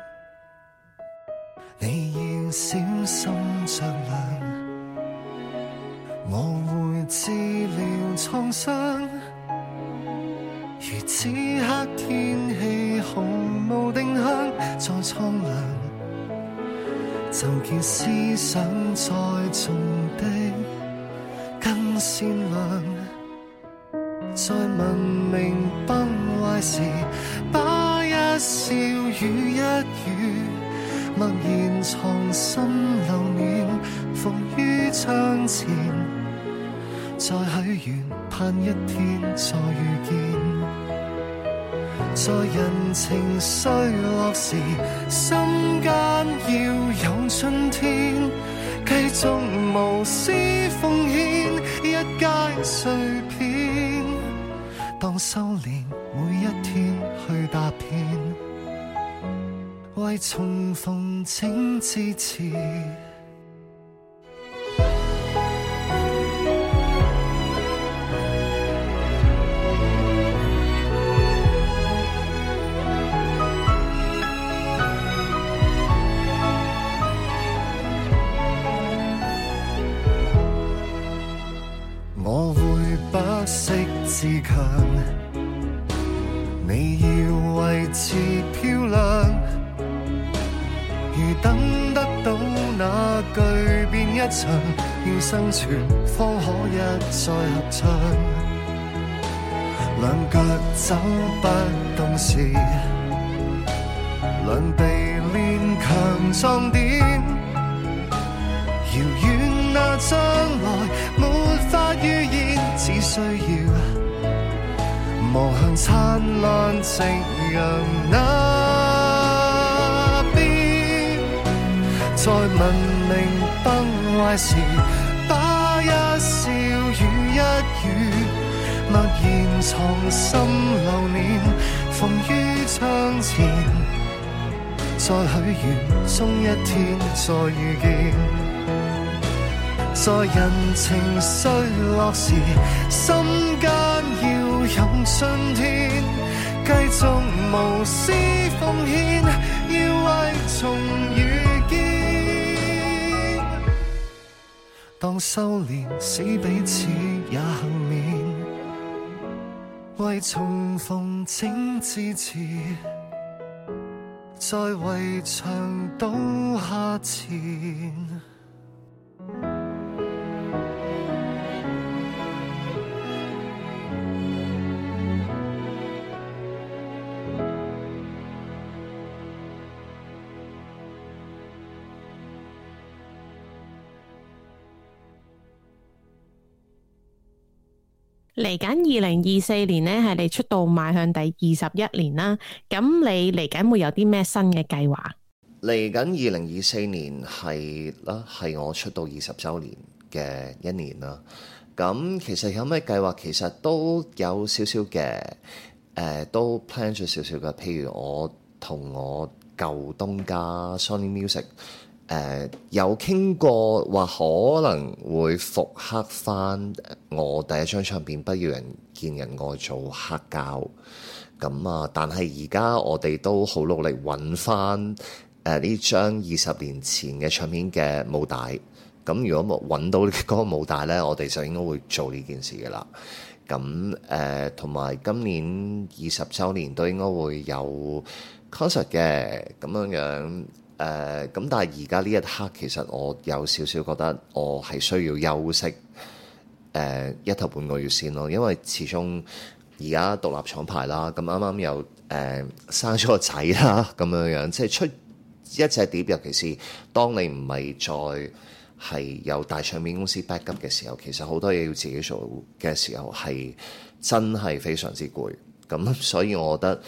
你要小心着涼，我會治療創傷。如此刻天氣毫無定向，再蒼涼，就見思想在重疊更善良。在文明崩壞時，把一笑與一語，默然藏心留念，伏於窗前，再許願，盼一天再遇見。在人情衰落時，心間要有春天，繼續無私奉獻，一街碎片，當修煉每一天去踏遍，為重逢請支持。強，你要維持漂亮，如等得到那巨變一場，要生存方可一再合唱。兩腳走不動時，兩臂練強壯點。遙遠那將來沒法預言，只需要。望向燦爛夕陽那邊，在文明崩壞時，把一笑與一語，默然藏心流年，逢於窗前。在許願，終一天再遇見，在人情衰落時。心任春天繼續無私奉獻，要為重遇見。當修煉使彼此也幸免，為重逢整支箭，在圍牆倒下前。嚟緊二零二四年咧，係你出道邁向第二十一年啦。咁你嚟緊會有啲咩新嘅計劃？嚟緊二零二四年係啦，係我出道二十周年嘅一年啦。咁其實有咩計劃？其實都有少少嘅，誒、呃，都 plan 咗少少嘅。譬如我同我舊東家 Sony Music。誒有傾過話可能會復刻翻我第一張唱片《 不要人見人愛做黑膠》，咁啊！但係而家我哋都好努力揾翻，誒呢張二十年前嘅唱片嘅母帶。咁如果冇揾到個舞呢個母帶咧，我哋就應該會做呢件事嘅啦。咁誒同埋今年二十週年都應該會有 concert 嘅咁樣樣、啊。誒咁、呃，但係而家呢一刻，其實我有少少覺得我係需要休息誒、呃、一頭半個月先咯，因為始終而家獨立廠牌啦，咁啱啱又誒生咗個仔啦，咁樣樣，即係出一隻碟，尤其是當你唔係再係有大唱片公司 back up 嘅時候，其實好多嘢要自己做嘅時候，係真係非常之攰。咁、嗯、所以，我覺得誒。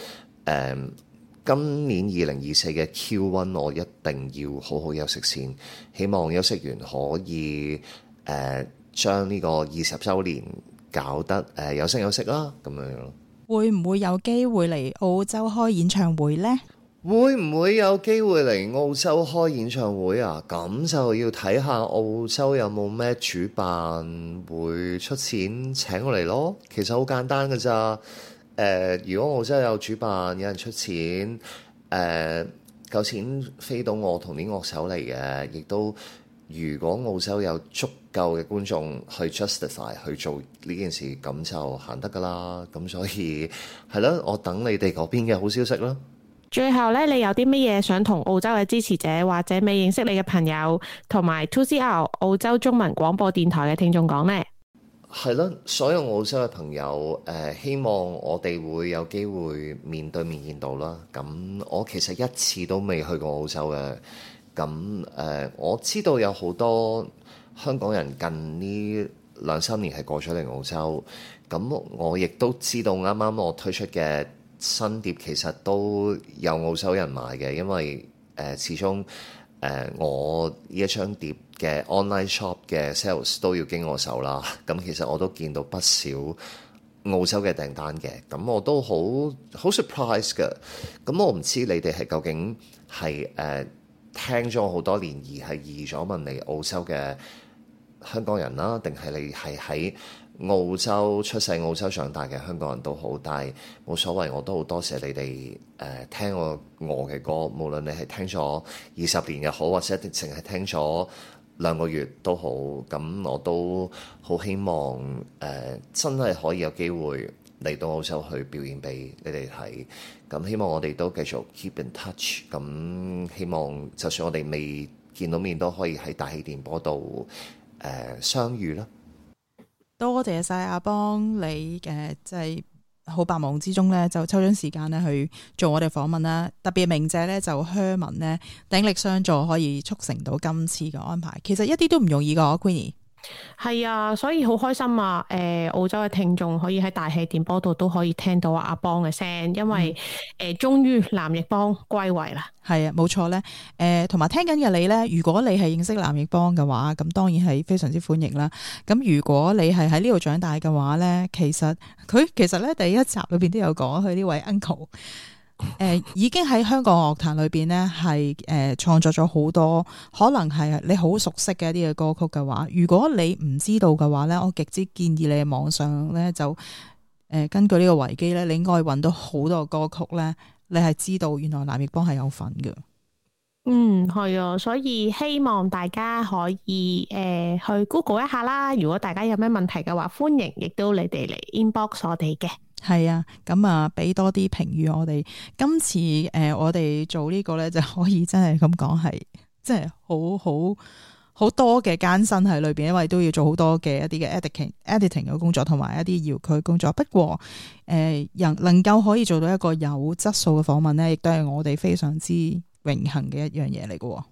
呃今年二零二四嘅 Q One，我一定要好好休息先。希望休息完可以誒、呃，將呢個二十周年搞得誒、呃、有聲有色啦，咁樣樣。會唔會有機會嚟澳洲開演唱會呢？會唔會有機會嚟澳洲開演唱會啊？咁就要睇下澳洲有冇咩主辦會出錢請我嚟咯。其實好簡單㗎咋。誒、呃，如果澳洲有主辦，有人出錢，誒、呃，夠錢飛到我同啲樂手嚟嘅，亦都，如果澳洲有足夠嘅觀眾去 justify 去做呢件事，咁就行得噶啦。咁所以係咯，我等你哋嗰邊嘅好消息啦。最後咧，你有啲乜嘢想同澳洲嘅支持者或者未認識你嘅朋友同埋 2CR 澳洲中文廣播電台嘅聽眾講咧？係咯，所有澳洲嘅朋友，誒、呃、希望我哋會有機會面對面見到啦。咁、嗯、我其實一次都未去過澳洲嘅，咁、嗯、誒、呃、我知道有好多香港人近呢兩三年係過咗嚟澳洲，咁、嗯、我亦都知道啱啱我推出嘅新碟其實都有澳洲人買嘅，因為誒、呃、始終。誒，我呢一張碟嘅 online shop 嘅 sales 都要經我手啦。咁其實我都見到不少澳洲嘅訂單嘅，咁我都好好 surprise 㗎。咁我唔知你哋係究竟係誒、呃、聽咗我好多年而係移咗民嚟澳洲嘅香港人啦，定係你係喺澳洲出世、澳洲長大嘅香港人都好，但係冇所謂，我都好多謝你哋誒、呃、聽我我嘅歌，無論你係聽咗二十年又好，或者淨係聽咗兩個月都好，咁我都好希望誒、呃、真係可以有機會嚟到澳洲去表演俾你哋睇，咁希望我哋都繼續 keep in touch，咁希望就算我哋未見到面都可以喺大氣電波度誒、呃、相遇啦。多謝晒阿邦你誒，即係好百忙之中咧，就抽咗時間咧去做我哋訪問啦。特別鳴謝咧，就鄉民呢，鼎力相助，可以促成到今次嘅安排。其實一啲都唔容易㗎，Queenie。Queen 係啊，所以好開心啊！誒、呃，澳洲嘅聽眾可以喺大氣電波度都可以聽到阿邦嘅聲，因為誒、嗯呃，終於藍奕邦歸位啦。係啊，冇錯咧。誒、呃，同埋聽緊嘅你咧，如果你係認識藍奕邦嘅話，咁當然係非常之歡迎啦。咁如果你係喺呢度長大嘅話咧，其實佢其實咧第一集裏邊都有講佢呢位 uncle。誒、呃，已經喺香港樂壇裏邊咧，係誒創作咗好多，可能係你好熟悉嘅一啲嘅歌曲嘅話，如果你唔知道嘅話呢，我極之建議你喺網上呢就誒、呃、根據呢個維基呢，你應該去搵到好多歌曲呢。你係知道原來藍奕邦係有份嘅。嗯，係啊，所以希望大家可以誒、呃、去 Google 一下啦。如果大家有咩問題嘅話，歡迎亦都你哋嚟 inbox 我哋嘅。係啊，咁啊，俾多啲評語我哋。今次誒、呃，我哋做個呢個咧，就可以真係咁講，係即係好好好多嘅艱辛喺裏邊，因為都要做好多嘅一啲嘅 editing editing 嘅工作，同埋一啲遙距工作。不過誒，人、呃、能夠可以做到一個有質素嘅訪問咧，亦都係我哋非常之。榮幸嘅一樣嘢嚟嘅，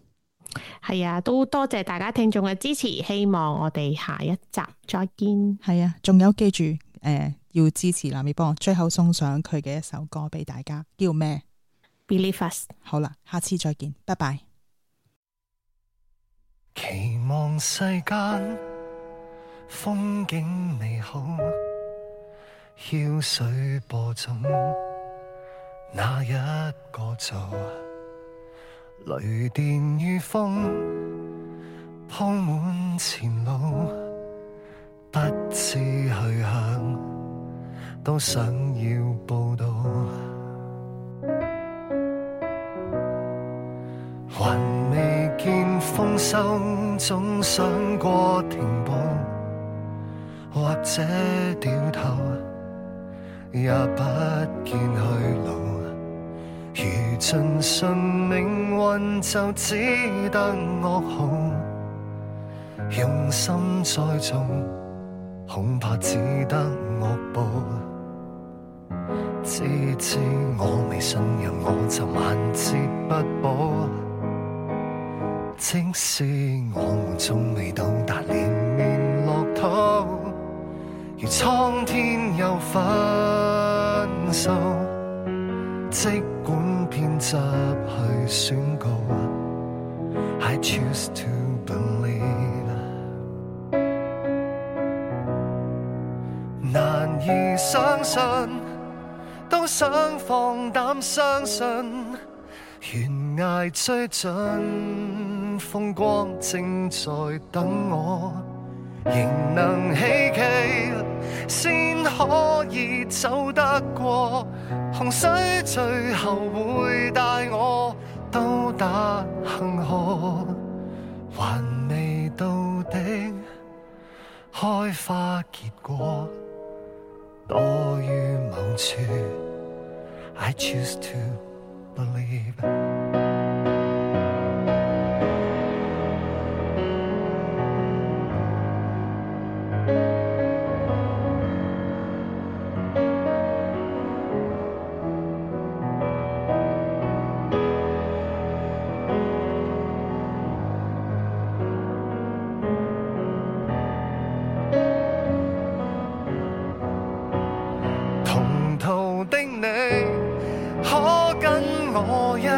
係啊，都多謝大家聽眾嘅支持，希望我哋下一集再見。係啊，仲有記住誒、呃，要支持藍奕邦，最後送上佢嘅一首歌俾大家，叫咩？Believe us。好啦，下次再見，拜拜。期望世間風景美好，挑水播種，哪一個就？雷電與風鋪滿前路，不知去向都想要報到。還未見豐收，總想過停步，或者掉頭，也不見去路。如盡信命運，就只得噩耗；用心再造，恐怕只得惡報。只知我未信任，我就萬劫不保。即使我們終未到達連綿樂土，如蒼天有分數。即管偏執去宣告，I choose to believe。難以相信，都想放膽相信，懸崖追盡，風光正在等我。仍能希冀，先可以走得過。洪水最後會帶我到達恒河，還未到的開花結果多於某處。I choose to believe。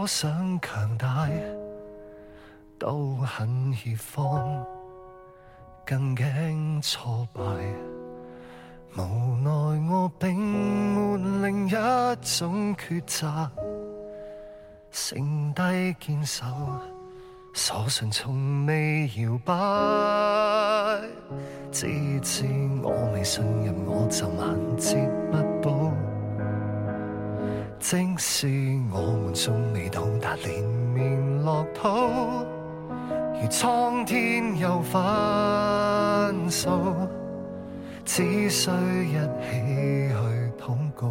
我想強大都很怯慌，更驚挫敗。無奈我並沒另一種抉擇，剩低堅守，所信從未搖擺。只知我未信任，我就萬劫不復。正是我們仲未到達連綿樂土，如蒼天有分數，只需一起去禱告。